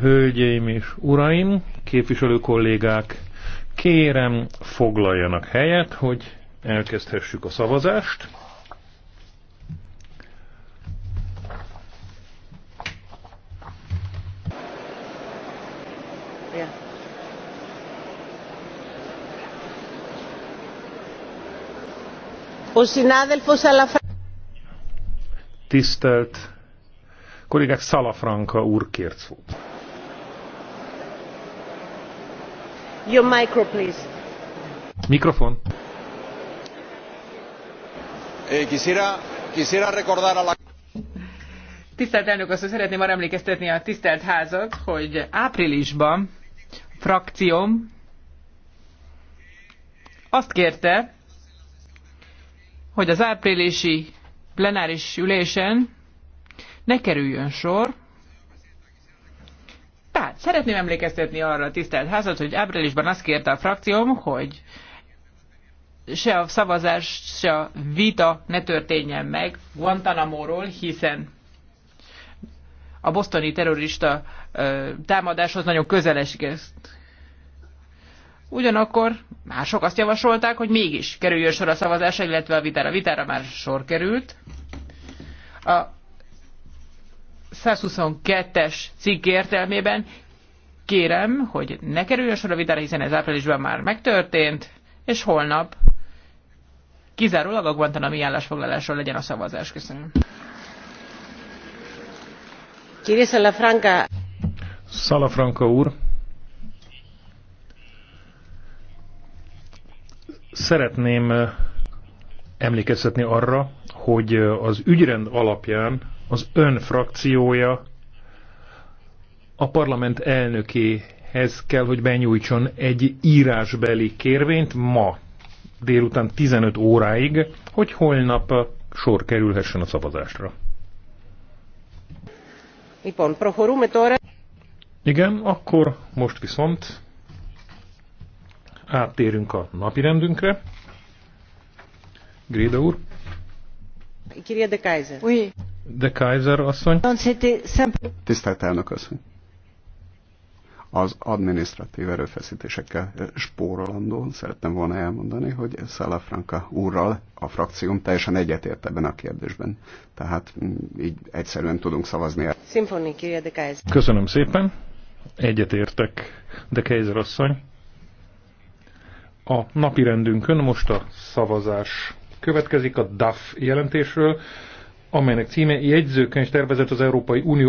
Hölgyeim és uraim, képviselő kollégák, kérem foglaljanak helyet, hogy elkezdhessük a szavazást. Ο συνάδελφος Αλαφρά. Tisztelt kollégák, Szalafranka úr kért szót. Your micro, please. Mikrofon. Eh, quisiera, quisiera recordar a la... Tisztelt elnök azt szeretném arra emlékeztetni a tisztelt házat, hogy áprilisban frakcióm azt kérte, hogy az áprilisi plenáris ülésen ne kerüljön sor. Tehát szeretném emlékeztetni arra a tisztelt házat, hogy áprilisban azt kérte a frakcióm, hogy se a szavazás, se a vita ne történjen meg Guantanamo-ról, hiszen a bosztoni terrorista támadáshoz nagyon közel esik Ugyanakkor mások azt javasolták, hogy mégis kerüljön sor a szavazásra, illetve a vitára. A vitára már sor került. A 122-es cikk értelmében kérem, hogy ne kerüljön sor a vitára, hiszen ez áprilisban már megtörtént, és holnap kizárólag a Guantanami állásfoglalásról legyen a szavazás. Köszönöm. Szalafranka úr, Szeretném emlékeztetni arra, hogy az ügyrend alapján az ön frakciója a parlament elnökéhez kell, hogy benyújtson egy írásbeli kérvényt ma délután 15 óráig, hogy holnap sor kerülhessen a szavazásra. Igen, akkor most viszont áttérünk a rendünkre. Gréda úr. Kiria de Kaiser. Oui. De Kaiser asszony. Tisztelt elnök asszony. Az administratív erőfeszítésekkel eh, spórolandó szerettem volna elmondani, hogy Salafranca úrral a frakcióm teljesen egyetért ebben a kérdésben. Tehát mm, így egyszerűen tudunk szavazni. Symphony, Kiria de Kaiser. Köszönöm szépen. Egyetértek, de Kaiser asszony. A napirendünkön most a szavazás következik a DAF jelentésről, amelynek címe jegyzőkönyv tervezett az Európai Unió